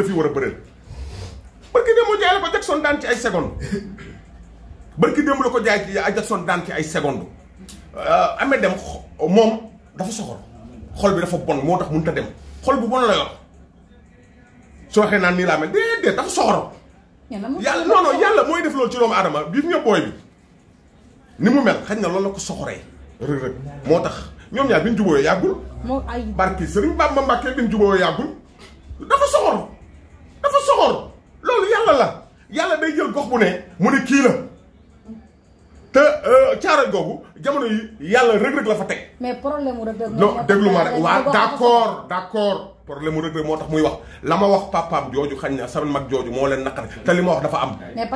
la fi war a bëreel barki démb jaay la ko Jackson daan ci ay seconde barki la ko jaay ci daan ci ay seconde euh, amee dem moom dafa soxor bi dafa bon moo tax mënut dem xol bu bon la yor naan nii laa mel déedéet dafa soxor yàlla non non yàlla mooy def loolu ci doomu aadama bi ñëpp booy bi ni mu mel xañ na loolu la ko soxoree rëg rëg moo tax ñoom ñaar bi ñu jubóoyee yàggul barki Sëriñ Bàmba Mbàkke bi ñu jubóoyee dafa soxor jël gox bu ne mu ne kii la te euh, caaral googu jamono yi yàlla rëg-rëg la fa teg. mais problème mu rëg-rëg non déglu ma rek waaw d' accord d' accord mu rëg-rëg moo tax muy wax la ma wax papaam jooju xañ na sama mag jooju moo leen naqari te li ma wax dafa am.